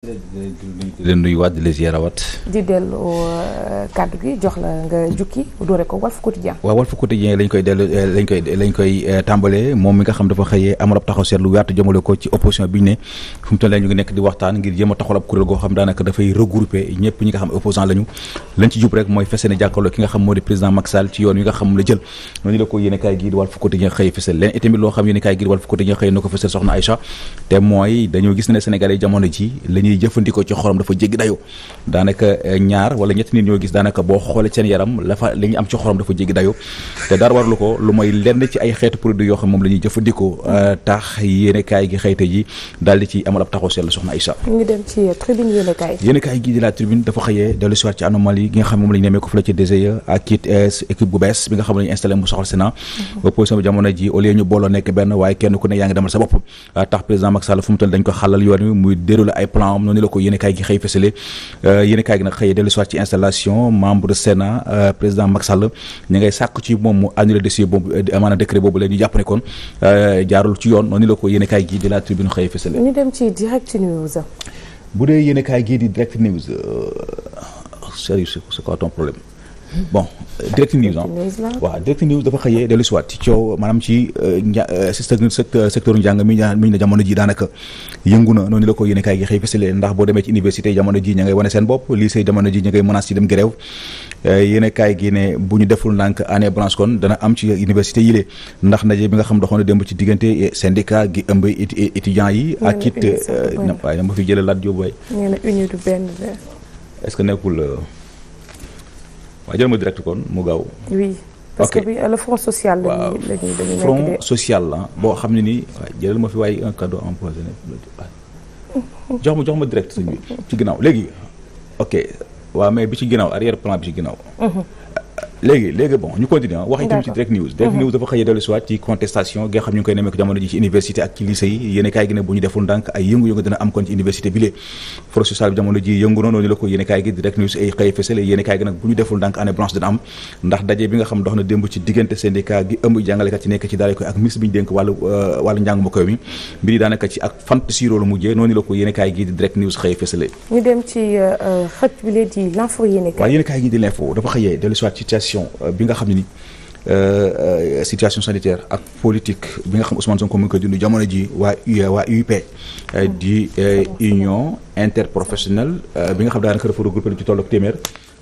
di leen nuyuwaat di leen ziyaarawaat di dellu euh, kàddu gi jox la nga jukki doore ko Walf Quotidien waaw lañ koy dellu euh, lañ koy lañ euh, moom mi nga xam dafa xëyee amal ab taxaw seetlu wertu jëmale ko ci opposition bi ne fu mu toll ngi nekk di waxtaan ngir jéem a taxawal ab kuréel goo xam daanaka dafay regrouper ñëpp ñi nga xam opposant lañu lañ ci jub rek mooy fese ne jàkkaarloo ki nga xam moo di président Macky ci yoon wi nga xam la jël noonu la ko yéene kaay ñuy jëfandikoo ci xorom dafa jéggi dayo daanaka eh, mm. eh, gi di ci amal dafa xëyee dellu si ci anomalie gi nga xam moom la ñu ko fële ci DGE ak it eh, équipe bu bees bi nga xam ne la mu soxal Sénat mm-hmm. opposition bi jamono ji au lieu ñu booloo nekk benn waaye kenn ku ne yaa ngi demal sa bopp tax président Macky Sall fu mu dañ ko xàllal yoon wi muy déroulé ay plan am noonu la ko yéen kaay gi xëy fësale euh, yéen kaay gi nag xëy dellu soit ci installation membre Sénat euh, président Macky Sall ngay sàkk ci moom mu annulé dossier boobu euh, maanaam décret boobu la ñu jàpp ne kon jaarul ci yoon noonu la ko yéen kaay gi di la tribune xëy fësale. ñu dem ci direct news. bu dee yéen kaay gi di direct news sérieux c'est quoi ton problème. bon direct news ah waaw direct news dafa xëyee dellu si waat ci coow maanaam ci euh, nja euh, secteur njàng mi ñu ne jamono ji daanaka yëngu na noonu la ko yéene kaay gi xëy fësale ndax boo demee ci université jamono ji ña ngay wane ci dem grève euh, yéene gi ne bu ñu deful ndànk année blanche kon dana am ci université yi ndax ndaje bi nga xam doxoon na démb ci diggante syndicat gi ëmb étudiants yi ak it waaye dama fi jële laat jóob waay nee na est-ce waaw jël ma direct kon mu gaaw. oui parce que bi front social. la ñuy la front social la boo xam ne nii waaw jëlal ma fi waaye un cadeau empoisonné jox ma jox ma direct sëñ ci ginnaaw léegi ok waaw mais bi ci ginnaaw arrière plan bi ci ginnaaw. Mhm. Euh, léegi léegi bon ñu continuer ah, wax itam ci direct news direct mhm. news dafa xëy dellu si waat ci contestation gi nga xam ñu ngi koy nemmeeku jamono ji ci université ak ci lycée yi yéen kaay gi ne bu ñu deful ndànk ay yëngu-yëngu dina am kon ci université bi lee force sociale bi jamono ji yëngu noonu la ko yéen kaay gi direct news ay xëy fësale yéen kaay gi nag bu ñu deful ndànk année blanche dina am ndax daje bi nga xam dox na démb ci diggante syndicat gi ëmb jàngalekat ci nekk ci daara koy ak ministre bi ñu dénk wàllu euh, wàllu njàng ma koy mi mbir yi daanaka ci ak fant siiroolu mujjee noonu la ko yéen kaay gi di direct news xëy fësale ñu dem ci euh, euh, xët bi lee di l'info yéen kaay gi di l'info dafa xëyee dellu si waat ci situation euh, bi nga xam ne ni euh, euh, situation sanitaire ak politique bi nga xam Ousmane Sonko mu ngi koy dund jamono ji waa waa UIP di union interprofessionnelle bi nga xam daanaka dafa regroupé ci tolloog téeméer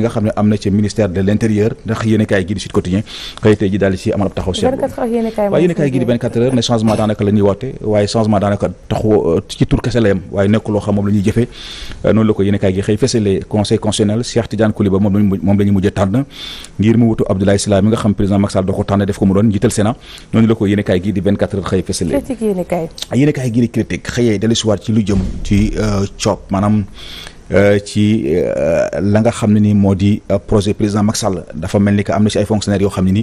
bi nga xam ne am na ci ministère de l' ndax yéen kaay di Sud Quotidien xëy tey ji daal ci amal ab taxaw seet waaye yéen kaay di 24 heures conseil constitutionnel Cheikh Tidiane Kouliba moom moom la ñu tànn ngir mu wutu Abdoulaye Sylla mi nga xam président Macky Sall ko tànn def ko mu doon njiital Sénat noonu la ko yéen di 24 heures xëy fesale yéen kaay di critique xëyee dellusiwaat ci lu jëm ci euh, coop Euh, ci euh, la nga xam ne ni moo di euh, projet président Macky Sall dafa mel ni que am na si ay fonctionnaires yoo xam ne ni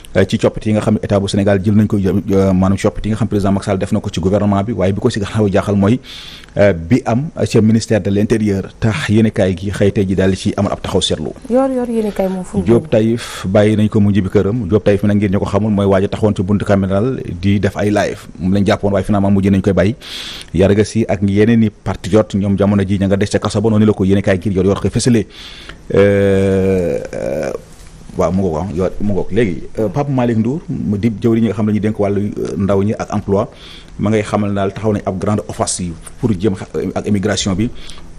Euh, ci coppite yi nga xam ne état bu Sénégal jël nañ ko maanaam coppite yi nga xam président Macky Sall def na ko ci gouvernement bi waaye bi ko si xaw a jaaxal mooy euh, bi am ca ministère gi xëy tey ji daal ci amal ab taxaw seetlu yor yor yéenekaay bàyyi nañ ko mu bi këram Diop Taïf mi nag ngeen ñu ko xamul mooy waaja taxawoon ci buntu caméral di def ay live moom lañ jàppoon waaye finalement mujj nañ koy bàyyi yarga si ak yeneen i patriote ñoom jamono ji ña nga des ca kaso ba noonu la ko yéenekaay gi yor yor ko fësalee euh, waaw mu ngoog ah yow mu ngoog léegi euh, Pape Malick Ndour mu di jëwriñ ñi nga xam ne ñu dénk wàllu euh, ndaw ñi ak emploi ma ngay xamal daal taxaw nañ ab grande offensive pour jëm ak immigration bi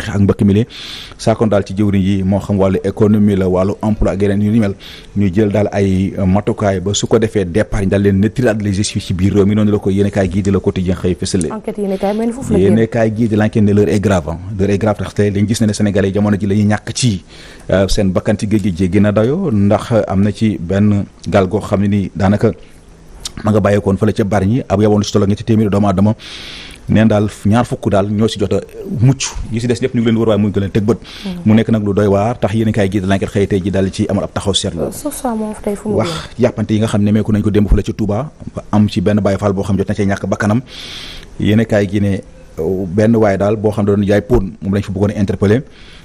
ngir xeex ak mbëkk mi lee saakoon daal ci jëwriñ yi moo xam wàllu économie la wàllu emploi ak yeneen yu ni mel ñu jël daal ay euh, matukaay ba su ko defee départ ñu daal leen nettiraat les biir réew mi noonu la ko yéenekaay gii di la quotidien xëy fësale yéenekaay di te dañ gis ne ne sénégalais yi jamono ji la ñuy ñàkk ci euh, seen bakkan ci géej gi jéggi na dayo ndax euh, am na ci benn gaal goo xam ne ni daanaka ma nga bàyyeekoon fële ca Bargny ab yaboon lu ci tolloog ñetti téeméeri doomu aadama neen daal ñaar fukk daal ñoo si jot a mucc ñi si des ñëpp ñu ngi leen wër waaye mu ngi leen teg bët mm-hmm. mu nekk nag lu doy waar tax yéen kaay gi lanket xëy tey ji daal ci amal ab taxaw seetlu euh, wax yàppante yi nga xam ne meeku nañ ko démb fu la ci Touba am ci boo xam jot na cee ñàkk bakkanam kaay gi ne euh, benn waaye daal boo xam ne doon jaay pon moom lañ fi bëggoon a interpellé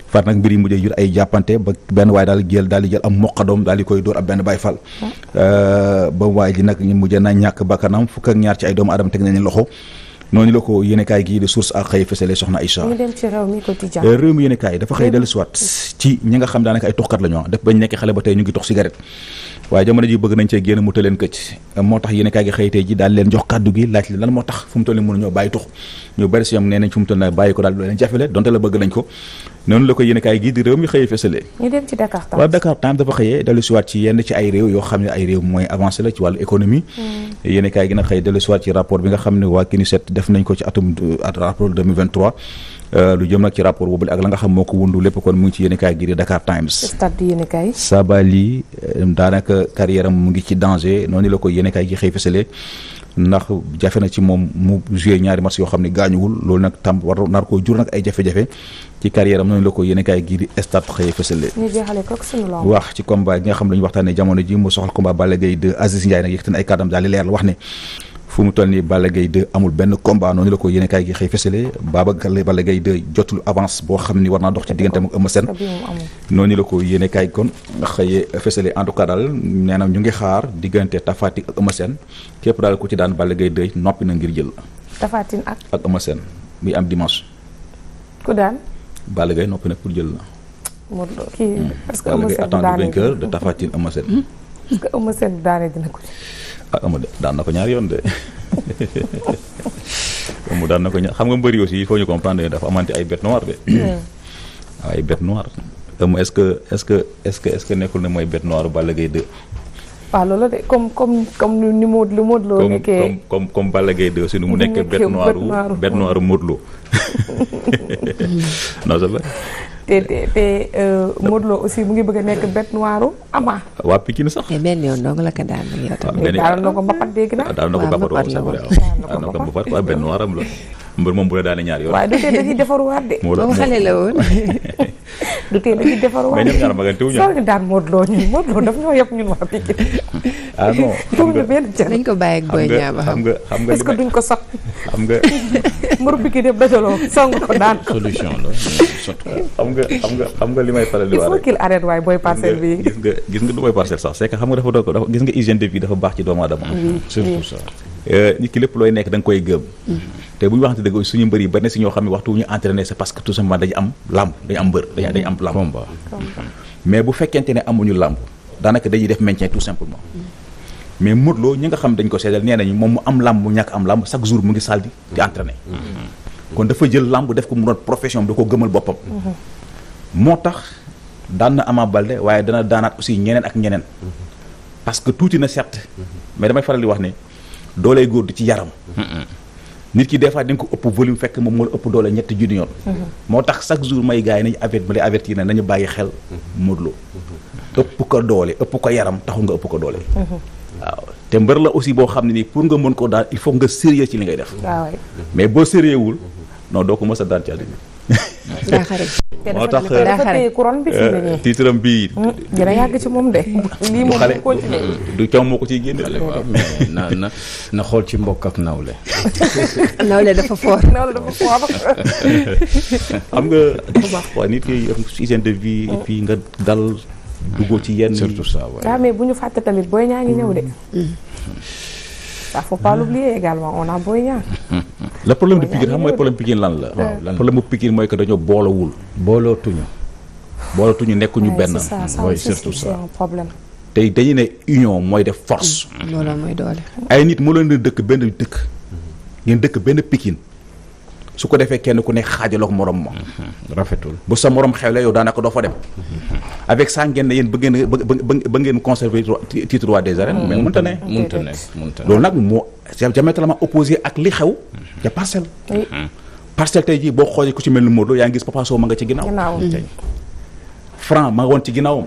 far nag mbir yi mujjee jur ay jàppante benn waaye daal jël daal di jël am doom daal di koy dóor ab benn Baay Faal euh, ba waaye ji nag mujjee na ñàkk bakkanam fukk ñaar ci ay doomu aadama teg nañu loxo noonu la ko yéenekaay gii de source ak xëy fësale soxna Aïcha ñu dem réew mi quotidien eh, réew mi yéenekaay dafa xëy dellu siwaat ci ñi nga xam daanaka ay toxkat la ñoo ah. def bañ nekk xale ba tey ñu ngi tox cigarette waaye jamono ji bëgg nañ cee génn mu tëleen këcc moo tax yéenekaay gi xëy tey ji moo tax fu mu toll nii mënu ñoo bàyyi tux ñu bari si ñoom nee nañ fu mu toll na bàyyi ko daal du leen jafele donte la bëgg nañ ko noonu la ko yéen kaay gii Times yoo xam ne ay réew mooy avancé la ci wàllu économie hmm. yéen kaay gi nag xëy dellu si waat xam ne waa ko ci atum rapport euh, ci rapport ak la nga xam moo ko lépp kon mu ngi Sabali euh, daanaka carrière am mu ngi ci danger noonu la ko yéen kaay gi xëy ndax jafe na ci moom mu joué ñaari match yoo xam ne gaañuwul loolu nag tam war nar koo jur nag ay jafe-jafe ci carrière am noonu la ko yéen kaay gii di stade xëy fësale wax ci combat gi nga xam ne la ñu waxtaanee jamono ji mu soxal combat Balla Gaye 2 Aziz Ndiaye nag yëkkati ay kàddam daal di leer wax ne fu mu toll nii Balla Gaye 2 amul benn combat noonu la ko yéen kaay gi xëy fësale Baba Galle Balla Gaye 2 jotul avance boo xam ni war naa dox ci digganteem ak Eumeu Sène noonu la ko yéen kaay kon xëyee fësale en tout cas daal nee na ñu ngi xaar diggante Tapha Tine ak Eumeu Sène képp daal ku ci daan Balla gay 2 noppi na ngir jël. Tapha ak ak Eumeu Sène muy am dimanche. ku pour jël hmm. la. Hmm. que Eumeu Sène daane ah amu daan na ko ñaar yoon de amu daan na ko ñaar xam nga mbëri aussi il faut ñu comprendre dafa amante ay bête noire de waaw ay bête noire amu est-ce que est-ce que est-ce que que nekkul ne mooy bête noire Balla Gaye 2 waaw loolu de comme comme comme ni Modou Lo Modou Lo nekkee comme Balla Gaye 2 aussi mu nekkee bête noire bête noire Modou Lo non c'est te te te Modou aussi mu ngi bëgg a nekk bête noire Ama. waa Pikine sax. te benn yoon dong la ko daan yow ah, tamit. daan na ko mbapat dégg naa. Ah, daan na ko mbapat waaw mbër moom bu la daane ñaar yoon. waaw du tee da ciy defaruwaat de. moom xale la woon. du tee da defar defaruwaat mais ñoom ñaar wu ñu. soog ñu daan Modou Lo ñun Modou Lo daf ñoo yëpp ñun waa Pikine. ah non xam nga benn ko bàyyi ak Boy Niang xam nga xam nga ko sax. xam nga. mbër Pikine yëpp dajaloo song ko daan ko. solution nga xam nga nga li may faral di. il faut qu'il arrête waay Boy Parcelles bi. gis nga gis nga du Boy Parcelles sax c'est xam nga dafa doon ko dafa gis nga hygiène de dafa baax ci doomu aadama. surtout ça. Euh, nit ki lépp looy nekk da nga koy gëm. Mm-hmm. te bu ñu waxante dëgg suñu mbër yi bari na si ñoo xam ne waxtu wu ñu entraîné c'est parce tout simplement dañu am làmb dañu am mbër mais bu fekkente ne amuñu làmb daanaka dañuy def maintien tout simplement. Mm-hmm. mais ñi nga xam dañ ko seedal nee nañu moom mu am làmb mu ñàkk am làmb chaque jour mu mm-hmm. da ko gëmal boppam. moo tax daan na Ama Baldé waaye dana daanaat aussi ñeneen ak ñeneen. parce tuuti na certes mais damay faral di wax ne. dooley góor du ci yaram. nit ki des fois ko ëpp volume fekk moom moo ëpp doole ñetti junni yoon. Mm-hmm. moo tax chaque jour may gars yi nañu avertir nañu bàyyi xel. Mm-hmm. Modou Lo mm-hmm. ëpp ko doole ëpp ko yaram taxul nga ëpp ko doole. waaw te mbër la aussi boo xam ne nii pour nga mën koo daan il faut nga sérieux ci li ngay def. Ah mais boo sérieux wul non doo ko mës a daan ci àddina moo tax tiitram bi gën eh, mm, a yàgg ci moom de lii moom du continuer mm, du caw moo ko ciy génne mais na na na xool ci mbokk ak nawle nawle dafa foor xam nga dafa baax quoi nit ki hygiène de nga dal duggoo ci yenn surtout ça ah, mais bu ñu fàtte tamit booy ñaa ngi ñëw de mm. ça faut pas l'oublier également on a Boy Niang le problème de Pikine xam mooy problème Pikine lan la problème bu Pikine mooy que dañoo boolawul boolootuñu boolootuñu nekkuñu benn mooy surtout ça problème tey dañu ne union mooy def force loolu mooy ay nit mu leen dëkk benn dëkk ngeen dëkk benn Pikine su ko defee kenn ku nekk xaajaloog morom ma mhm. bu sa morom xewle yow daanaka doo fa dem mhm. avec ça ngeen ne yéen bëgg ngeen bëgg ngeen conserver titre roi des arènes mais mënta ne mënta ne loolu nag moo diamétralement opposé ak li xew ca mhm. parcelle parcelle tey boo xoolee ku ci mel ni Modou yaa ngi gis Papa ma nga ci ginnaaw franc ma nga woon ci ginnaawam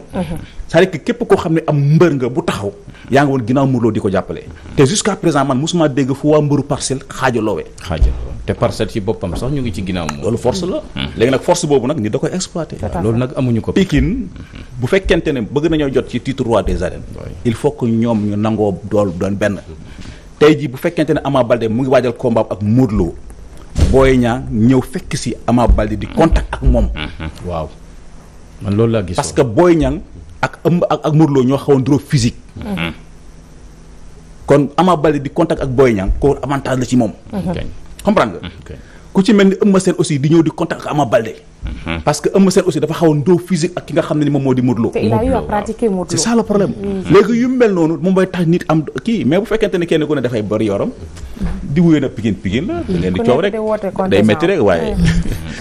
cest à képp koo xam ne am mbër nga bu taxaw yaa ngi woon ginnaaw Modou di ko jàppale te jusqu'à présent man mosuma dégg fu waa mbëru parcelle xaajaloowee xaajaloo te parcelle ci boppam sax ñu ngi ci ginnaaw moom loolu force la mm-hmm. léegi nag force boobu nag nit da koy exploité loolu nag amuñu ko Pikine mm-hmm. bu fekkente ne bëgg nañoo jot ci titre roi des arènes il faut que ñoom ñu nangoo dool doon benn tey jii bu fekkente ne Ama Baldé mu ngi waajal combat ak Modou Lo Boy Niang ñëw fekk si Ama Baldé di contact ak moom mm-hmm. waaw man loolu laa gis que Boy Niang ak ëmb ak ak Modou Lo ñoo xawoon trop physique. Mm-hmm. kon Ama Baldé di contact ak Boy Niang ko avantage la ci moom. Mm-hmm. comprendre nga. ku ci mel ni Eumeu Sène aussi di ñëw di contact ak Ama Baldé. Mm-hmm. parce que Eumeu aussi dafa xawoon trop physique ak ki nga xam ne ni moom moo di Modou Lo. te il a eu à pratiquer Modou problème. léegi yu mel noonu moom mooy tax nit am kii mais bu fekkente ne kenn ku ne dafay bari yoram. di wuyoon a Pikine Pikine la. Mm-hmm. da ngeen di coow rek day métti rek waaye. Mm.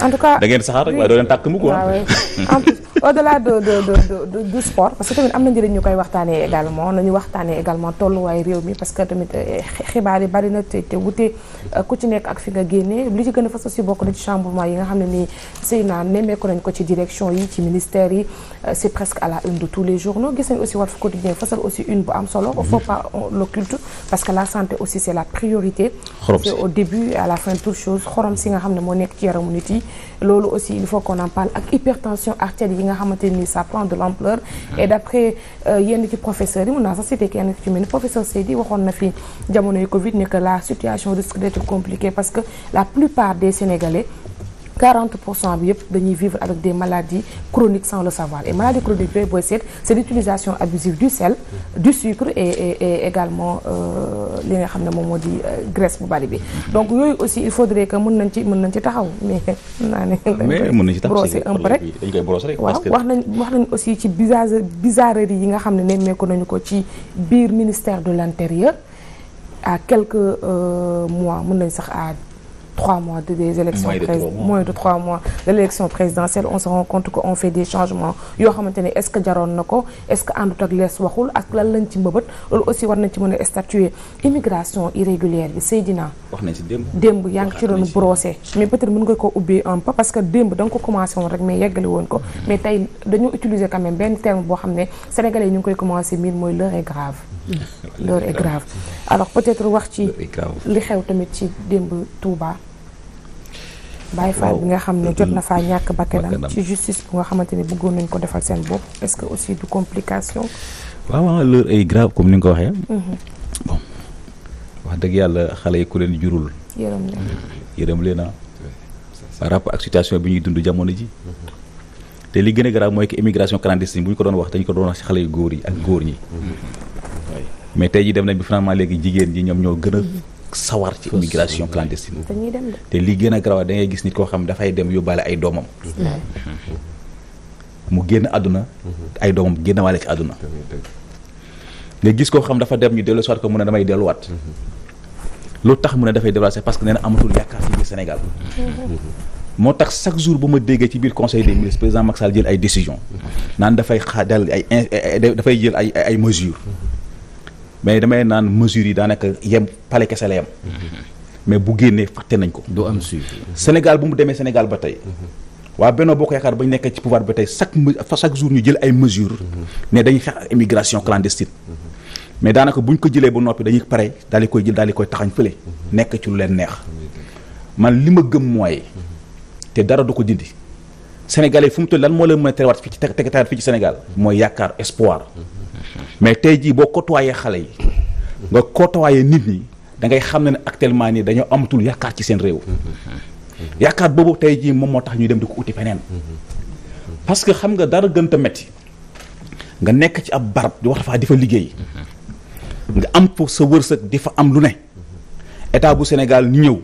en tout cas da ngeen saxaar rek waaye doo leen tàkk mu ah. que am na njëriñ ñu koy waxtaanee également nañu waxtaanee également tolluwaay réew mi parce que tamit eh, xibaar yi bari na te wute eh, ku ci nekk ak fi nga génnee li ci gën a fas si bokk na ci chamboulement yi nga xam ne ni sëy naa nemmeeku nañ ko ci direction yi ci ministère yi eh, c'est presque à la tous les journaux gis nañ aussi Walf Quotidien xorom si au début à la fin toute xorom si nga xam ne moo nekk ci yaramu nit yi loolu aussi il faut qu'on en parle ak hypertension artérielle yi nga xamante ni ça prend de l'ampleur et d'après euh, yenn ci professeurs yi mun naa sax cité kenn ci mel ni professeur Seydi waxoon na fi jamonoy Covid ne la situation risque d'être compliquée parce que la plupart des Sénégalais 40 pour cent bi yëpp dañuy vivre avec des maladies chroniques sans le savoir et maladies chroniques yooyu booy seet c' est l' utilisation abusive du sel du sucre et également euh, li nga xam ne moom moo di euh, graisse bu bari bi donc yooyu aussi il faudrait que mën nañ ci mën nañ ci taxaw mais mën naa ne mën nañ ci brosser un peu rek dañ waaw wax nañ aussi ci bizarre bizarrerie yi nga xam ne nemmeeku nañu ko ci biir ministère de l' intérieur à quelques euh, mois mun nañ sax à trois mois de des élections moins de trois mois de l'élection présidentielle on se rend compte que on fait des changements yoo xamante ne est-ce que jaroon na ko est-ce que àndut ak lees waxul ak lan lañ ci mbëbët loolu aussi war nañ ci mën a statuer immigration irrégulière bi Seydina wax nañ ci démb démb yaa ngi ci doon brosser mais peut-être mën nga ko ubbee un peu parce que démb da nga ko commencé woon rek mais yeggali woon ko mm-hmm. mais tey dañu utiliser quand même benn terme boo xam ne sénégalais yi ñu ngi koy commencé miin mooy l'heure est grave mm-hmm. l'heure est grave alors peut-être wax ci li xew tamit ci démb Touba Baye Fall bi nga xam ne jot na faa ñàkk bakkanam ci justice bu nga xamante ne bëggoon nañ ko defal seen bopp est-ce que aussi du complication waaw waaw l'heure est grave comme ni nga ko waxee mhm. bon wax dëgg yàlla xale yi ku leen jurul yërëm leen na ah. par rapport ak situation bi ñuy dund jamono ji mhm. te li gën grave mooy que immigration clandestine bu ñu ko doon wax dañu ko doon wax ci xale yu góor yi ak góor ñi mhm. mais tey ji dem nañ bi finalement léegi jigéen ñi ñoom ñoo gën sawar ci immigration clandestine te li gën a garaaw da ngay gis nit koo xam dafay dem yóbbaale ay doomam mm-hmm. mu génn àdduna mm-hmm. ay doomam génn waale ci àdduna nga gis koo xam dafa dem ñu dellu soit ko mun na damay delluwaat mm-hmm. lu tax mu ne dafay déplacé parce que nee na amatul yaakaar ci biir Sénégal moo tax chaque jour bu ma déggee ci biir conseil des ministres président Macky Sall jël ay décision naan dafay xaajal ay dafay jël ay ay mais damay naan mesures yi daanaka yem pale kese la yem. mais bu génnee fàtte nañ ko. du am suivi. Sénégal bu mu demee Sénégal ba tey. waa Benno Bokk Yaakaar ba ñu nekkee ci pouvoir ba tey chaque chaque jour ñu jël ay mesures. ne dañu xeex ak immigration clandestine. mais daanaka bu ñu ko jëlee ba noppi dañuy pare daal di koy jël daal di koy taxañ fële. nekk ci lu leen neex. man li ma gëm mooy. te dara du ko dindi. Sénégalais fu mu toll lan moo leen mën a terewaat fii ci teg tegetaat fii ci Sénégal mooy yaakaar espoir mais tey jii boo côtoyé xale yi nga côtoyé nit ñi da ngay xam ne ne actuellement nii dañoo amatul yaakaar ci seen réew yaakaar boobu tey jii moom moo tax ñuy dem di ko uti feneen parce que xam nga dara gën a métti nga nekk ci ab barab di wax faa di fa liggéey nga am fa sa wërsëg di fa am lu ne état bu Sénégal ñëw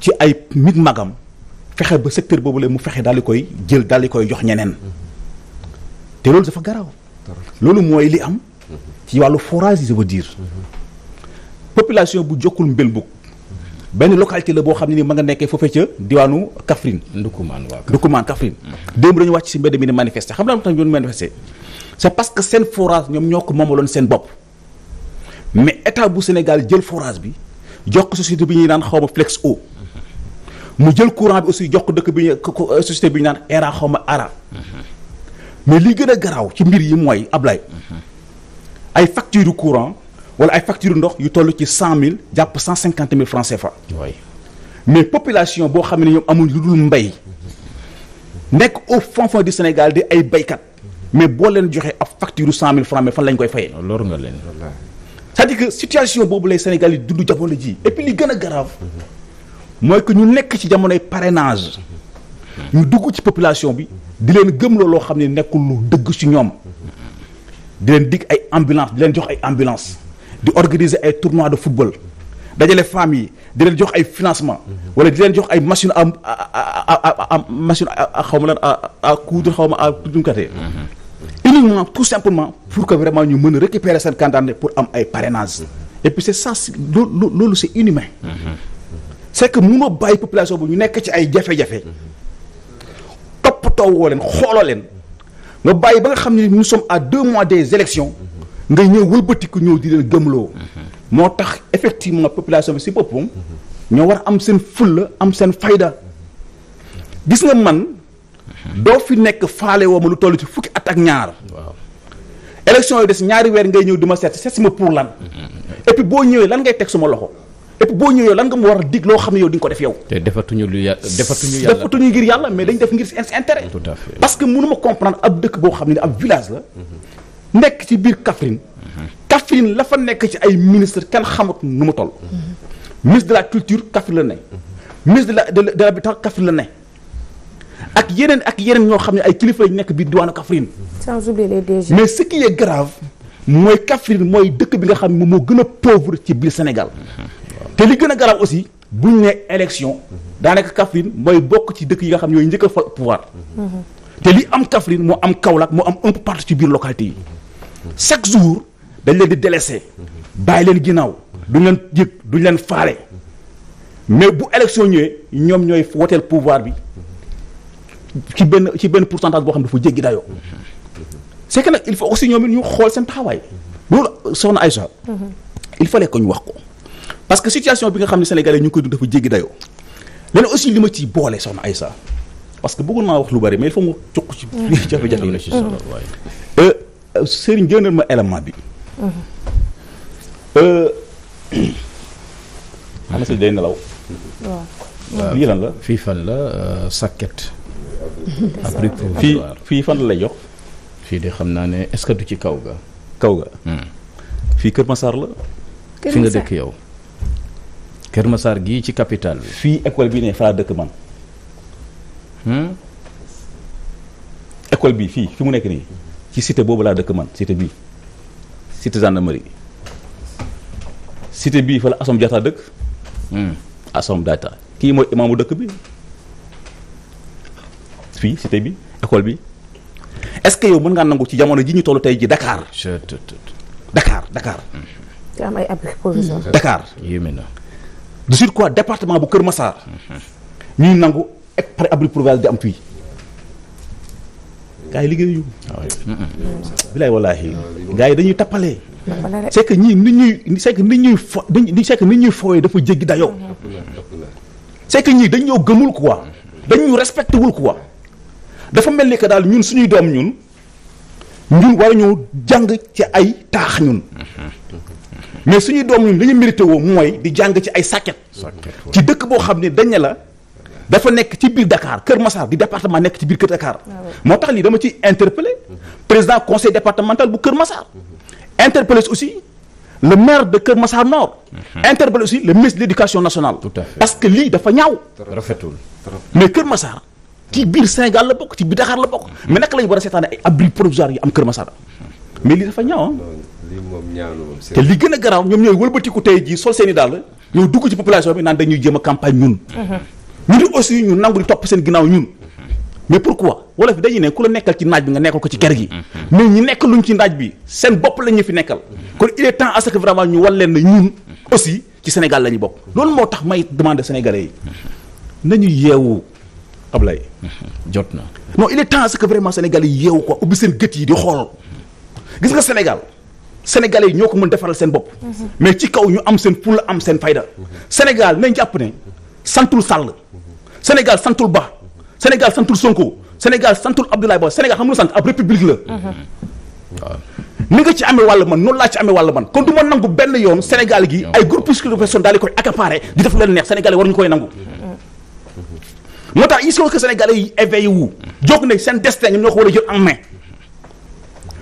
ci ay mit magam fexe ba secteur boobu la mu fexe daal koy jël daal di koy jox ñeneen te loolu dafa garaaw loolu mooy li am ci wàllu forage je veux dire population bu jokkul mbelbuk benn localité la boo xam ne ni ma nga nekkee foofee ca diwaanu Kaffrine. Ndukumaan waaw Ndukumaan Kaffrine. wàcc si mbedd mi ne manifester xam naa lu tax ñu doon manifester c'est parce que seen forage ñoom ñoo ko moomaloon seen bopp mais état bu Sénégal jël forage bi jox ko société bi ñuy naan xaw ma Flex Eau mu jël courant bi aussi jox ko dëkk bi ñu euh, société bi ñu naan era xaw ma ara mais li gën a garaaw ci mbir yi mooy Ablaye mhm. ay facture courant wala ay facture ndox yu toll ci cent mille jàpp cent cinquante mille francs CFA mais population boo xam ne ñoom amul lu dul mbay nekk au fond fond du Sénégal di ay baykat mais boo leen joxee ab facture cent mille francs mais fan lañ koy fayee oh, lor nga leen c'est-à-dire que situation boobu lay Sénégal yi dund jamono ji et puis li gën a garaaw mooy que ñu nekk ci jamonoy parrainage ñu dugg ci population bi di leen gëmloo loo xam ne nekkul lu dëgg ci ñoom di leen dig ay ambulance di leen jox ay ambulance di organiser ay tournois de football dajale femmes yi di leen jox ay financement wala di leen jox ay machine à à machine à xaw ma lan à coudre xaw ma à dumkate uniquement tout simplement pour que vraiment ñu mën a récupérer seen candidat pour am ay parrainage et puis c'est ça loolu loolu c'est inhumain c'est que munoo bàyyi population bu ñu nekk ci ay jafe-jafe toppatoo woo leen xooloo leen nga bàyyi ba nga xam ne nous sommes à deux mois des élections nga ñëw wëlbatiku ñëw di leen gëmloo moo tax effectivement population bi si boppam ñoo war a am seen fulla am seen fayda gis nga man doo fi nekk faale woo ma lu toll ci fukki at ak ñaar élection yi des ñaari weer ngay ñëw di ma seet seet si ma pour lan mm-hmm. et boo ñëwee lan ngay teg suma loxo et puis boo ñëwee lan nga mu war a dig loo xam ne yow di nga ko def yow. te defatuñu lu yà defatuñu yàlla defatuñu ngir yàlla mais dañ def ngir seen intérêt. parce que mënu ma comprendre ab dëkk boo xam ne ab village la. nekk ci biir Kaffrine. Kaffrine la fa nekk ci ay ministre kenn xamut nu mu toll. ministre de la culture Kaffrine la ne. ministre de la de de l'habitat Kaffrine la ne. ak yeneen ak yeneen ñoo xam ne ay kilifa yu nekk biir diwaanu Kaffrine. sans oublier les DG. mais ce qui grave mooy Kaffrine mooy dëkk bi nga xam moom moo gën a pauvre ci biir Sénégal. te li gën a garaaw aussi bu ñu nee élection daanaka Kaffrine mooy bokk ci dëkk yi nga xam ñooy njëkk a pouvoir te li am Kaffrine moo am Kaolack moo am un peu partout ci biir localité yi chaque jour dañ leen di délaissé bàyyi leen ginnaaw duñ leen yëg duñ leen faale mais bu élection ñëwee ñoom ñooy woteel pouvoir bi ci benn ci benn pourcentage boo xam ne dafa jéggi dayoo c'est nag il faut aussi ñoom it ñu xool seen taxawaay loolu soxna Aïcha il fallait que ñu parce que situation bi nga xam ne sénégalais ñu koy dund dafa jéggi dayoo leneen aussi li ma ciy boole soxna Aïssa parce que bëggoon naa wax lu bari mais il faut mu ci fii fan la euh, fan la lay jox fii de xam naa ne est-ce que du ci kaw ga kaw ga hmm. fii Kër Massar la fi nga dëkk yow Kër Massar gii ci capital bi. fii école bi ne faa dëkk man. Hmm? école bi fii fi mu nekk nii ci cité boobu laa dëkk man cité bii cité gendarmerie cité bii fa la Assome Diatta dëkk. Hmm. Assome Diatta kii mooy imaamu dëkk bi fii cité bi école bi est-ce que yow mën ngaa nangu ci jamono ji ñu toll tey ji Dakar. Dakar Dakar. de surcroît département bu Kër Massar. ñuy nangu ak par abri provisoire di am fii. gars yi liggéeyuñu. bilaay walaahi dañuy tappalee. c'est que ñii nit ñuy c'est que nit ñuy fo c'est que nit ñuy fooyee dafa jéggi dayoo. sekk que ñii dañoo gëmul quoi. dañu respecté wul quoi. dafa mel ni que daal ñun suñuy doom ñun ñun war ñoo jàng ci ay taax ñun. mais suñuy doom ñun li ñu mérité woo mooy di jàng ci ay sàkket ci dëkk boo xam ne dañ ne la dafa nekk ci biir Dakar Kër Massar di département nekk ci biir Kër Dakar ah moo tax lii dama ci interpellé président conseil départemental bu Kër Massar interpellé aussi le maire de Kër Massar Nord mhm. interpellé aussi le ministre de l'éducation nationale Tout à parce que lii dafa ñaaw rafetul mais Kër Massar ci biir Sénégal la bokk ci biir Dakar la bokk mhm. mais naka lañu war a seetaane ay abri am Kër Massar mais lii dafa ñaaw lii moom te li gën a garaaw ñoom ñooy wëlbatiku tey jii sol seen i daal ñoo dugg ci population bi naan dañuy jëm a campagne ñun. Mhm. ñu di aussi ñu nangu di topp seen ginnaaw ñun. mais pourquoi wala fi dañuy ne ku la nekkal ci naaj bi nga nekkal ko ci ker gi. Mhm. mais ñu nekk lu luñ ci naaj bi seen bopp la ñu fi nekkal. kon il est temps à ce que vraiment ñu wan leen ne ñun aussi ci Sénégal la ñu bokk. loolu moo tax may demander Sénégalais yi mhm. nañu yeewu Ablaye. jot na moo il est temps à ce que ubbi seen gët yi di xool gis nga Sénégal. sénégalais yi ñoo ko mën defaral seen bopp. Mhm. mais ci kaw ñu am seen fulla am seen fayda. Mhm. Sénégal nañ jàpp ne santul Sall. Sénégal santul Ba. Sénégal santul Sonko. Sénégal santul Abdoulaye Ba Sénégal xam nga lu sant ab république la. Mhm. waaw ni nga ci amee wàll man noonu laa ci amee wàll man kon du ma nangu benn yoon Sénégal gi ay groupuscule de daal di koy accaparer di def leen neex Sénégal war ñu koy nangu. moo tax il faut que sénégalais yi éveillé wu jóg ne seen destin ñoom ñoo a jël en main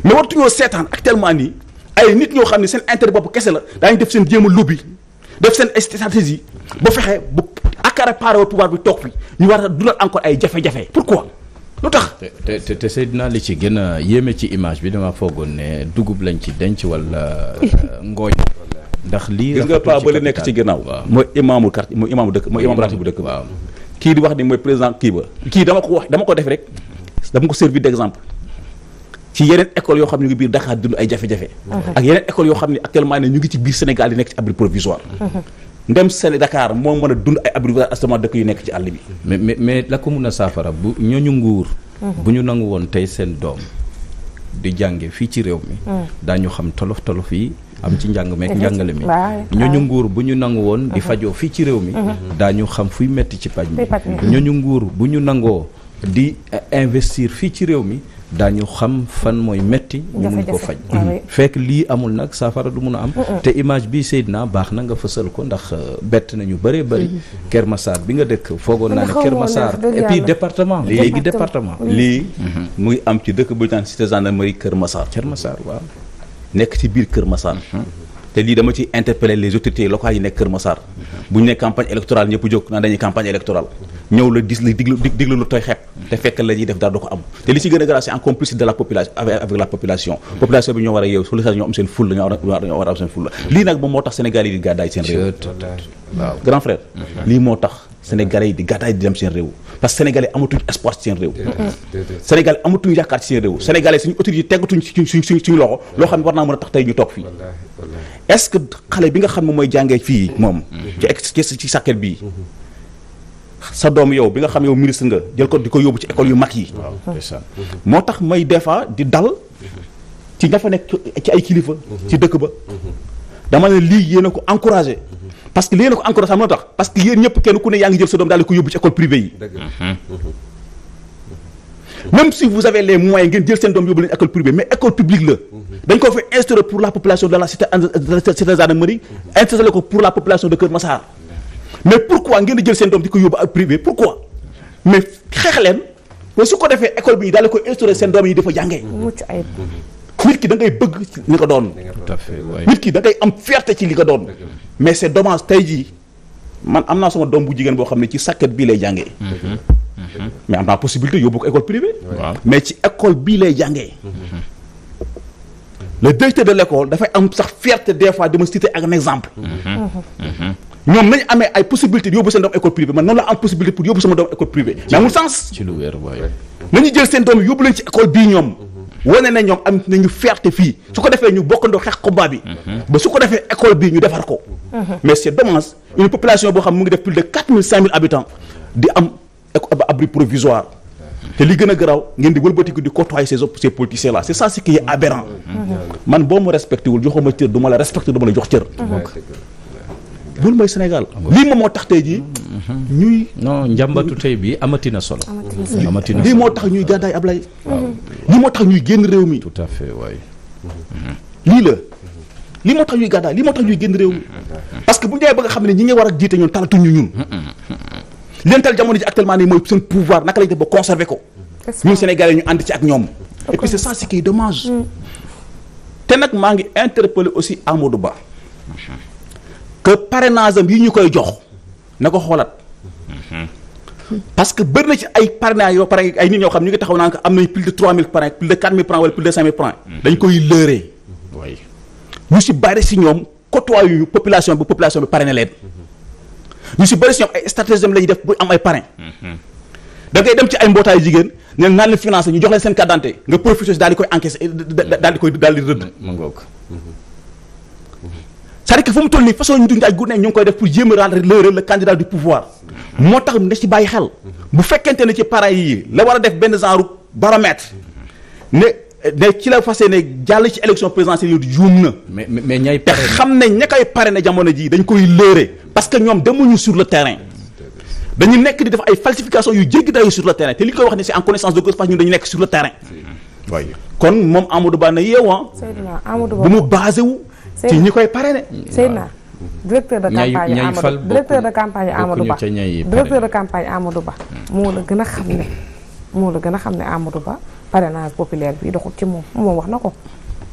mais seetaan actuellement nii. ay nit ñoo xam ne seen intérêt bopp kese la daañu def seen jéem a lobby def seen stratégie ba fexe bu accaparer au pouvoir bi toog fi ñu war a dundal encore ay jafe-jafe pourquoi lu tax. te te dinaa li ci gën a yéeme ci image bi dama foogoon ne dugub lañ ci denc wala ngooñ. ndax lii gis nga paa ba li nekk ci ginnaaw. mooy imaamu quartier mooy imaamu dëkk mooy imaamu ratib bu dëkk ba. kii di wax ni mooy président kii ba. kii dama ko wax dama ko def rek dama ko servir d'exemple. ci yeneen école yoo xam ne ñu ngi biir Dakar dund ay jafe-jafe mhm. ak yeneen école yoo xam ne actuellement ne ñu ngi ci biir Sénégal yi nekk ci abri provisoire mhm. ndem seen dakaar moo mën a dund ay abri provisoire astament dëkk yu nekk ci àll bi mais mais mais la ko mun a saafara bu ñooñu nguur mhm. bu ñu nangu woon tey seen doom di jànge fii ci réew mi daañu xam tolof tolof yi am ci njàng meek njàngale mi ñooñu nguur bu ñu nangu woon di fajoo fii ci réew mi daa ñu xam fuy metti ci paj mi ñu nguur bu ñu nangoo di eh, investir fii ci réew mi daañu xam fan mooy metti ñu mun ko faj ah mm-hmm. fekk lii amul nag saafara du mun a am te image bi naa baax na nga fësal ko ndax euh, bett ñu bëree bëri mm-hmm. Kër Massar bi nga dëkk foogoon naa ne Kër Massar et puis département léegi département mm-hmm. lii muy am ci dëkk bu ñu naan cité gendarmerie Kër Massar Kër Massar waaw nekk ci biir Kër Massar te lii dama ci interpeller les autorités locales yi nekk Kër Massar bu ñu ne campagne électorale ñëpp jóg naan dañuy campagne électorale ñëw la dis la diglu diglu lu tooy xeeb te fekk la def dara du ko am te li ci gën a grave c'est en de la population population bi ñoo war a yeew su ñoo am seen ful ñoo am seen ful lii nag moom moo tax Sénégal gàddaay seen réew grand frère lii moo tax Sénégalais yi di gàttaay di dem seen réew parce que Sénégalais amatuñ espoir ci seen réew mm-hmm. Sénégalais amatuñ yaakaar ci seen réew Sénégalais suñu autorité teggatuñ suñu loxo loo xam ne war naa mën a tax tey ñu toog fii est xale bi nga xam ne mooy jàngee fii moom mm-hmm. ci ci sàkket bii mm-hmm. sa doom yow bi nga xam yow ministre nga jël ko di ko yóbbu ci école yu mag yi moo tax may des di dal ci nga fa nekk ci ay kilifa ci dëkk ba dama ne lii yéen a ko encouragé parce que li ngeen ko encouragé am na tax parce que yéen ñëpp kenn ku ne yaa ngi jël sa doom daal di ko yóbbu ci école privée yi. Mhm. mais la. Mhm. dañ ko fi instauré pour la population de la cité ngeen di jël seen doom di ko yóbbu ak privé pourquoi mais xeex leen ba su ko defee école bi daal di ko instauré seen doom yi dafa jàngee. nit ki da ngay bëgg li nga doon. nit ki da ngay am fierté ci li nga doon. mais c'est dommage tey jii man am naa sama doom bu jigéen boo xam ne ci sàkket bii lay jàngee. Mhm, mhm. mais am naa possibilité yóbbu mais ci école bii lay jàngee. Mhm. le directeur dafay am sax fierté des fois dama citer ak un exemple. ñoom nañu amee ay possibilité yóbbu seen doom école privée man noonu la am possibilité pour yóbbu sama doom école privée. mais amul sens nañu jël seen doom yóbbu leen ci école bii ñoom. wane na ñoom am nañu fierté fii su ko defee ñu bokkandoo xeex combat bi ba su ko defee école bi ñu defar ko mais c'est dommage une population boo xam mu ngi def plus de quatre mille cinq mille habitants di am abri provisoire te li gën a garaaw ngeen di wëlbatiku di côtoyer ces ces politiciens là c'est ça ce qui est aberrant man boo ma respecté wul joxuma cër du ma la respecté du ma la jox cër loolu mooy Sénégal lii moom moo tax tey jii mhm. ñuy non njàmbatu tey bi amati na solo amati na lii moo tax ñuy gàddaay Ablaye mhm. lii moo tax ñuy génn réew mi tout à fait waay mhm. lii la lii moo tax ñuy gàddaay lii moo tax ñuy génn réew mi parce que bu ñu demee ba nga xam ne ñi ngi war a jiite ñun talatuñu ñun leen tal jamono ji actuellement nii mooy seen pouvoir naka lañ def ba conserver ko ñun Sénégalais ñu ànd ci ak ñoom et puis c'est ça ce qui est mm. te nag maa ngi interpellé aussi Amadou Ba que parrainage am yi ñu koy jox na ko xoolaat parce que bëri na ci ay parrainage yoo pare ay nit ñoo xam ñu ngi taxaw naan ko am nañ plus de 3000 parrain plus de 4000 parrain wala plus de 5000 parrain mhm. dañ koy lëeree way ñu si bari si ñoom côtoyuñu population bi population bi parrainé leen mhm. ñu si bari si ñoom ay stratégie la def bu am ay parrain mhm. da ngay dem ci ay mbootaayu jigéen ñu naan leen financé ñu jox leen seen carte d'identité nga profité si daal di koy encaissé di koy daal di c'est-à-dire que fu mu toll nii façon ñu dund gu ne ñu ngi koy def pour jéem a rendre l'heure le candidat du pouvoir moo tax na ci bàyyi xel bu fekkente ne ci pareil yi la war a def benn genre baromètre ne ne ci la fas yéene jàll ci élection présidentielle yooyu juum na. mais mais ñay pare te xam ne ña koy pare ne jamono jii dañ koy léere parce que ñoom demuñu sur le terrain dañu nekk di def ay falsification yu jéggi dayu sur le terrain te li ñu koy wax ni c'est en connaissance de cause parce Ba na ah. wu. ci ñi koy parrainé. Seydina directeur de campagne Amadou directeur de campagne Amadou Ba directeur de campagne Amadou Ba. moo la gën a xam ne moo la gën a xam ne Amadou Ba pare parrainage populaire bi doxul ci moom moom wax na ko.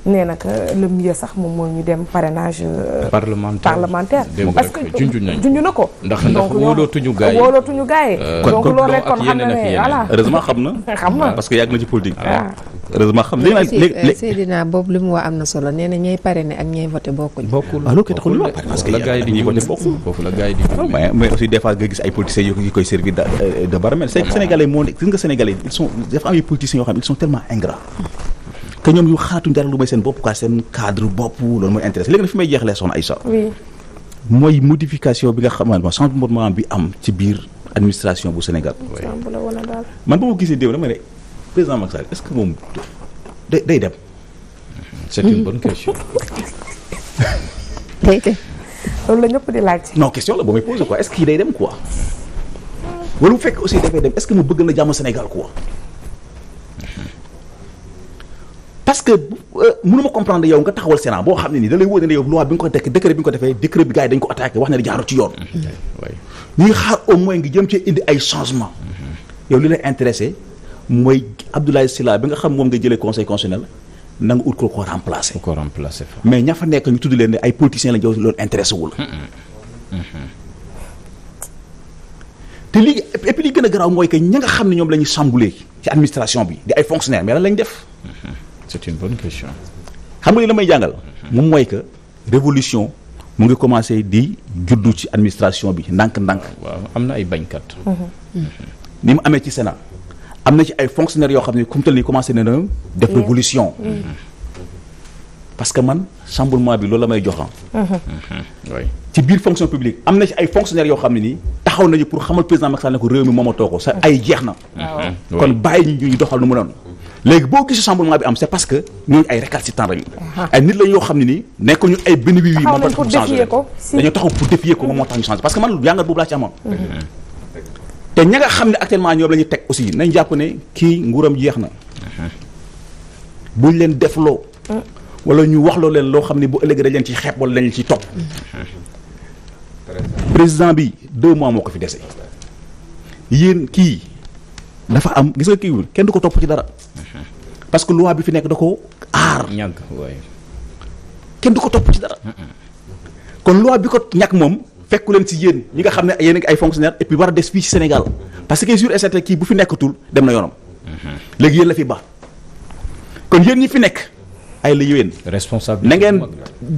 nee na que le mieux sax moom moo ñu dem parrainage. Euh, parlementaire parlementaire. parce que junj na ko. ndax ndax wóolootuñu gars yi wóolootuñu gars yi. Euh, donc loolu rek kon xam na ne voilà. heureusement xam na. xam na parce que yàgg na ci politique. heureusement xam na léegi Seydina euh, boobu li mu wax am na solo nee na ñooy parrainé ak ñooy voté bokkuñ. bokkul alors que taxul loo parce que gars yi di voté bokkul foofu la gars yi di mais mais aussi des fois nga gis ay politiciens yu ngi koy servir de baromètre. Ah. Sénégalais moo ne gis nga Sénégalais ils sont dafa am ay politiciens yoo xam ils sont tellement ingrats que ñoom yu xaatuñ dara lu may seen bopp quoi seen cadre bopp loolu mooy intéressé léegi nag fi may jeexalee soxna Aïssa mooy modification bi nga xamante ne changement bi am ci biir administration bu Sénégal. man gisee démb dama ne que moom day day dem. c'est une ñëpp di laaj. non question la day dem quoi. wala aussi dafay dem est-ce que mu bëgg na jàmm Sénégal quoi. parce que euh, mënuma comprendre yow nga taxawal Sénat boo xam ne nii da lay wóor ne yow loi bi nga ko tekk décret bi nga ko defee décret bi gars yi dañ ko attaqué wax ne di jaaru ci yoon ñuy xaar au nga jëm ay changement yow li lay intéressé mooy Abdoulaye Sylla bi nga xam moom nga jëlee conseil constitutionnel na nga ut ko remplacer mais ña fa nekk ñu tudd leen ne ay politiciens la jow loolu intéressé wul mm-hmm. Mm-hmm. te lii et puis li gën a garaaw mooy que ña nga xam ne ñoom la ñuy chamboulé ci administration bi di ay fonctionnaires mais lan lañ def mm-hmm. c'est une bonne xam nga li may jàngal. moom mooy que révolution mu ngi commencé di juddu ci administration bi ndank ndànk am na ay bañkat. ni mu amee ci Sénat am na ci ay fonctionnaires yoo xam ne comme tel ni commencé na def révolution parce que man chamboulement bi loolu la may joxam ah. ci biir fonction publique am na ci ay fonctionnaires yoo xam ne nii taxaw nañu pour xamal président Macky Sall ne ko réew mi moomatoo ko sa ay jeex na. Mhm. kon bàyyi ñu doxal nu mu noonu. léegi boo gisee chamboulement bi am c'est parce que ñooñu ay récalcitrants lañu ay nit lañ xam ne nii nekk ñu ay benn wi wi moom tax ñu changé ko moo tax ñu changé parce que man jàngat mhm. te ña nga xam ne actuellement ñoom la teg aussi nañ jàpp ne kii nguuram jeex na mhm. buñ leen def loo mm. wala ñu wax loo leen loo xam ne bu ëllëgee dañ leen ci xeeb wala dañ ci topp mm. président bi deux mois moo ko fi dese yéen kii dafa am gis nga kiiwul kenn du ko topp ci dara mhm. parce que loi bi fi nekk da ko aar waay kenn du ko topp ci dara mhm. kon loi bi ko ñàkk moom fekku leen si yéen ñi nga xam ne yéen ay fonctionnaire et puis war a des fii ci Sénégal parce que sur et kii bu fi nekkatul dem na yoonam mhm. léegi yéen la fi ba kon yéen ñi fi nekk ay la yéen na ngeen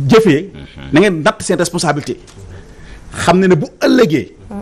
jëfee na ngeen natt seen responsabilité xam ne ne bu ëllëgee mm.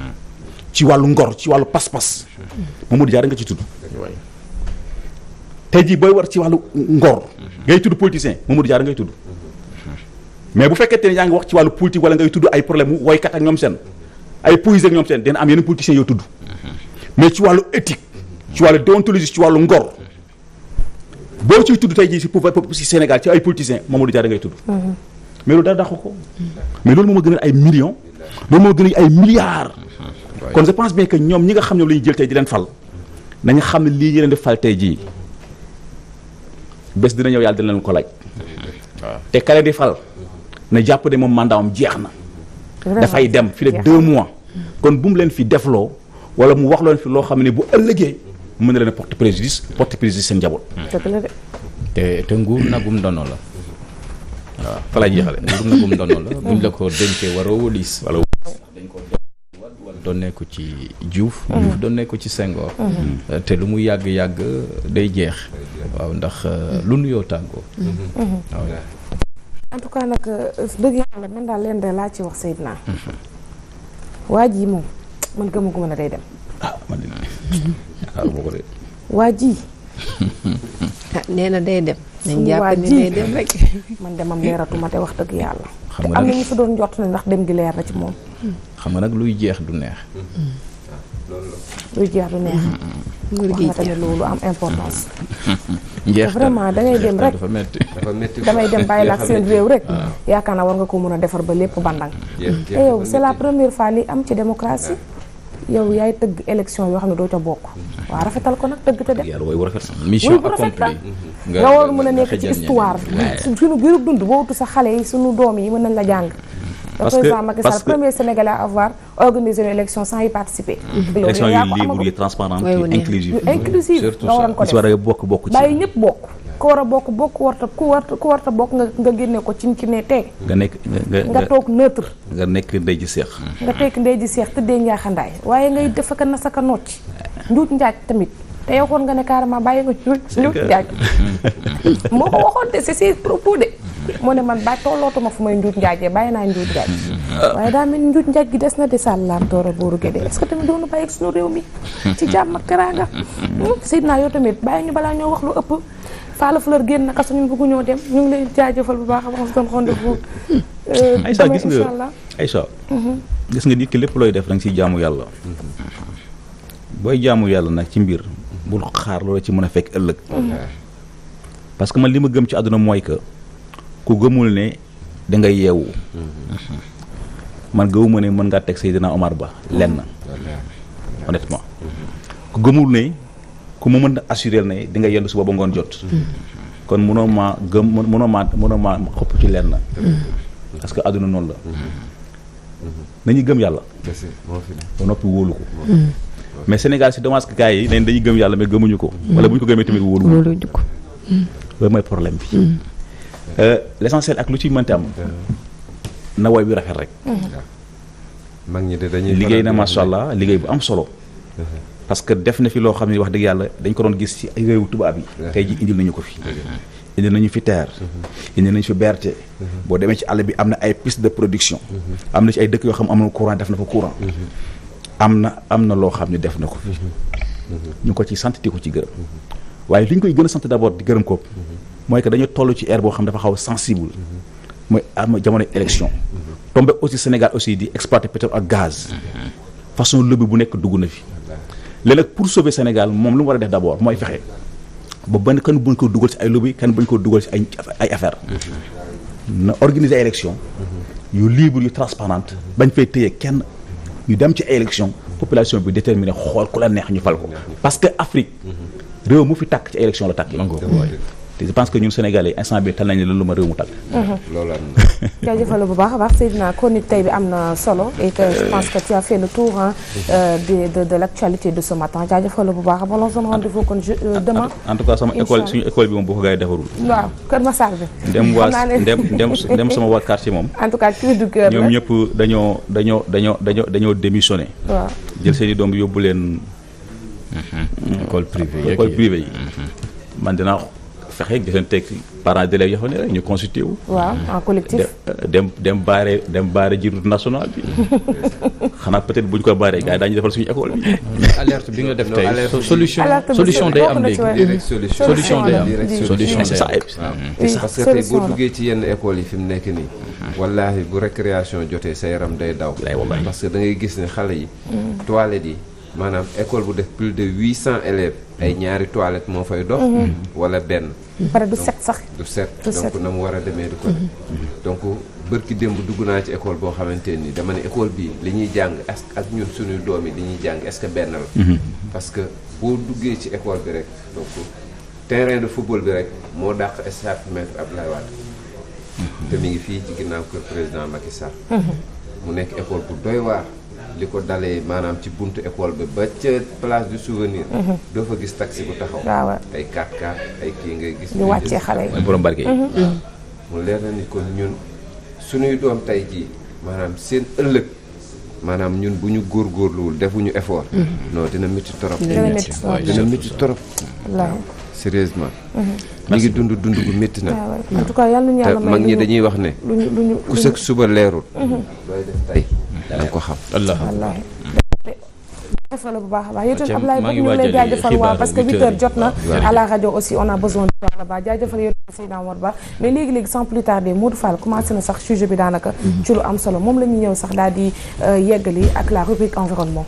ci wàllu ngor ci wàllu pas-pas Mamadou Dia nga ci tudd tey jii booy war ci wàllu ngor ngay tudd politicien Mamadou Dia ngay tudd bu fekkee ne yaa ngi wax ci wàllu politique wala ngay tudd ay problème woykat ak ñoom seen am yeneen politiciens yoo tudd mais ci wàllu éthique ci wàllu déontologie ci wàllu ngor boo ciy tudd jii si pouvoir si ci ay politiciens Mamadou Dia ngay tudd mhm. mais loolu dara dàqu ko mais loolu moo ma gënal ay millions kon je pense bien ñoom ñi nga xam ñoom la ñu jël tey di leen fal nañu xam ne lii ñu leen di fal tey jii bés dina ñëw yàlla dina leen ko laaj. te kale di fal na jàpp ne moom mandat am jeex na. dafay dem fi de mois. kon bu mu leen fi defloo wala mu wax loon fi loo xam ne bu ëllëgee mën na leen porte préjudice porte préjudice seen njaboot. te te nguur nagum ndono la. waaw fa la jeexale nguur nagum ndono la buñ la ko dénkee waroo wóolis. dañ ko donnee ko ci Diouf mhm. Diouf donnee ko ci Senghor mhm. euh, te lu mu yàgg-yàgg day jeex waaw ndax euh, mhm. lu nuyoo tàggoo waaw nag euh, dëgg yàlla man daal leen de laa ci wax Seydina waa ji moom man day dem ah, de ko de ah, na day dem nañ jàpp ni day dem rek man demam leeratuma te wax dëgg yàlla te am na ñu fa doon njort ne ndax dem gi leer na ci moom hmm. xam nga nag luy jeex du neex. luy jeex du neex. nguur gi tamit loolu am importance. njeex vraiment da ngay dem rek dafa metti dafa metti damay dem bàyyi la ak seen réew rek. yaakaar naa war nga ko mën a defar ba lépp bandang te yow c'est la première fois li am ci démocratie. yow yaay tëgg élection yoo xam ne doo ca bokk. Mm-hmm. waaw rafetal ko nag tëgg te def. yàlla woy rafet mission accomplie nga war mën a nekk ci histoire bi. suñu dund boo wutu sa xale yi suñu doom yi mën nañ la jàng. parce que président Macky Sall premier Sénégalais à avoir organisé une élection sans y participer. Mhm. élection yu libre yu transparente yu inclusive. nga waroon ko def ci. bàyyi ñëpp bokk ku war a bokk bokk ku warta ku warta ku warta bokk nga nga génne ko ci ci ne tey. nga nekk nga toog neutre. nga nekk ndey ji seex. nga tekk ndey ji seex tëddee njaaxandaay waaye ngay def ak nasaka noot ci. njuut njaaj tamit. te yow kon nga ne carrément bàyyi nga njuut njuut njaaj moo ko waxoon te c'est ses propos de. moo ne man ba tollootuma fu may njuut njaajee bàyyi naa njuut njaaj waaye daa mel njuut njaaj gi des na di sàllaam toora booru gédé est ce que tamit doonu bàyyi suñu réew mi ci hmm? tamit bàyyi ñu balaa ñoo wax lu ëpp Falla Fleur génn naka sax ñun bëggu ñoo dem ñu ngi lay bu baax a baax si doon xonde bu Aïssa euh, gis mhm. gis nga nit lépp looy def da nga siy jaamu yàlla booy jaamu yàlla nag ci mbir bul xaar loola ci mën a fekk ëllëg mhm. parce que man li ma gëm ci àdduna mooy que ku gëmul ne da ngay yeewu mm-hmm. man gëmuma ne mën ngaa teg Seydina Omar Ba mm-hmm. lenn mm-hmm. honnêtement ku gëmul ne ku ma mën a assuré ne di nga yendu suba ba ngoon jot kon mënoo maa gëm mënoo maa mënoo maa xëpp ci lenn parce que àdduna noonu la nañuy gëm yàlla ba noppi wóolu ko mais Sénégal c'est dommage que gars yi gëm yàlla mais gëmuñu ko wala bu ñu ko gëmee tamit wóolu ko loolu mooy problème bi Euh, l'essentiel ak lu ci mënti am mm-hmm. na woy bi rafet rek mm-hmm. mag ñi de dañuy liggéey na macha allah liggéey bu am solo mm-hmm. parce que def na fi loo xam ne wax dëgg yàlla dañ ko doon gis ci ay réewu tubaab yi tey ji indil nañu ko fi indi nañu fi terre indi nañu fi berte boo demee ci àll bi am na ay piste de production am na ci ay dëkk yoo xam am na courant def na fa courant am na am na loo xam ne def na ko fi ñu ko ci sant di ci gërëm waaye li ñu koy gën a sant d'abord di gërëm ko mooy que dañu toll ci ère boo xam dafa xaw sensible mooy am jamono élection tombé aussi Sénégal aussi di exploiter pétrole ak gaz façon lobby bu nekk dugg na fi léegi nag pour sauver Sénégal moom lu mu war a def d' abord mooy fexe ba benn kan buñ ko dugal si ay lobby kenn buñ ko dugal si ay ay affaire na organiser ay élection yu libre yu transparente bañ fay tëye kenn ñu dem ci ay élection population bi déterminé xool ku la neex ñu fal ko parce que Afrique réew mu fi tàkk ci élection la tàkk te je pense que ñun sénégalais instant bi tal nañu ma réew mu tàkk. Mhm. loolu am na. bu baax a baax Seydina kon nit tey bi am na solo et que je pense le tour hein, euh, de de de l' bu baax bon on se rendez vous kon euh, demain. en tout cas sama école suñu école bi moom boo ko gars yi defarul. waaw Kër Massar bi. ndem waa ndem sama waa quartier moom. en tout cas cri du cœur ñoom ñëpp dañoo dañoo dañoo dañoo dañoo démissionné. waaw jël seen i doom yóbbu leen. Mhm. école privée yi école mhm. privée fexe gisanteeg parents d'élèves yoo xam ne rek ñu constitué wu. waaw en euh, collectif. dem dem baare dem baare ji route nationale bi xanaa peut-être bu ñu ko baaree gars yi daañu defal suñu école bi. alerte bi nga def tey solution solution day am léegi. solution day am solution day am. parce que tey boo duggee ci yenn école yi fi mu nekk nii. Mm-hmm. wallaahi bu récréation jotee sa yaram day daw. parce que da ngay gis ne xale yi. Mm. toilette yi. maanaam école bu def plus de huit cent élèves ay ñaari toilettes moo fay dox mhm. wala benn pare du set sax du set donc na mu war a demee du ko mhm. donc bërki démb dugg naa ci école boo xamante nii dama ne école bi li ñuy jàng ak ñun suñuy doom yi li ñuy jàng est-ce que benn la mhm. parce que boo duggee ci école bi rek donc terrain de football bi rek moo dàq stade maître Abdoulaye Wade te mi ngi fii ci ginnaaw kër président Macky Sall mu nekk école bu doy waar li ko dalee maanaam ci buntu école bi ba ca place du souvenir. Mhm. doo fa gis taxi bu taxaw. ay 4 x ay kii ngay gis. ñu wàccee xale yi borom barke mhm. mu leer na ni kon ñun suñuy doom tey jii maanaam seen ëllëg maanaam ñun bu ñu góorgóorluwul defuñu effort. Mhm. non dina métti torop. dina métti torop dina métti torop. sérieusement ñu ngi dund dund bu métti na en tout cas yàlla ñu yàlla may mag ñi dañuy wax ne ku sëg suba leerul looy def tey danga ko xam la bu baax a baax yow tamit Ablaye parce que 8h jot na à la radio aussi on a besoin de toi là-bas jaajëfal yow tamit Seydina Omar mais léegi-léegi sans plus tarder Modou Fall na sax sujet bi daanaka mhm. ci lu am solo moom la ñu ñëw sax daal di euh, yeggali ak la rubrique environnement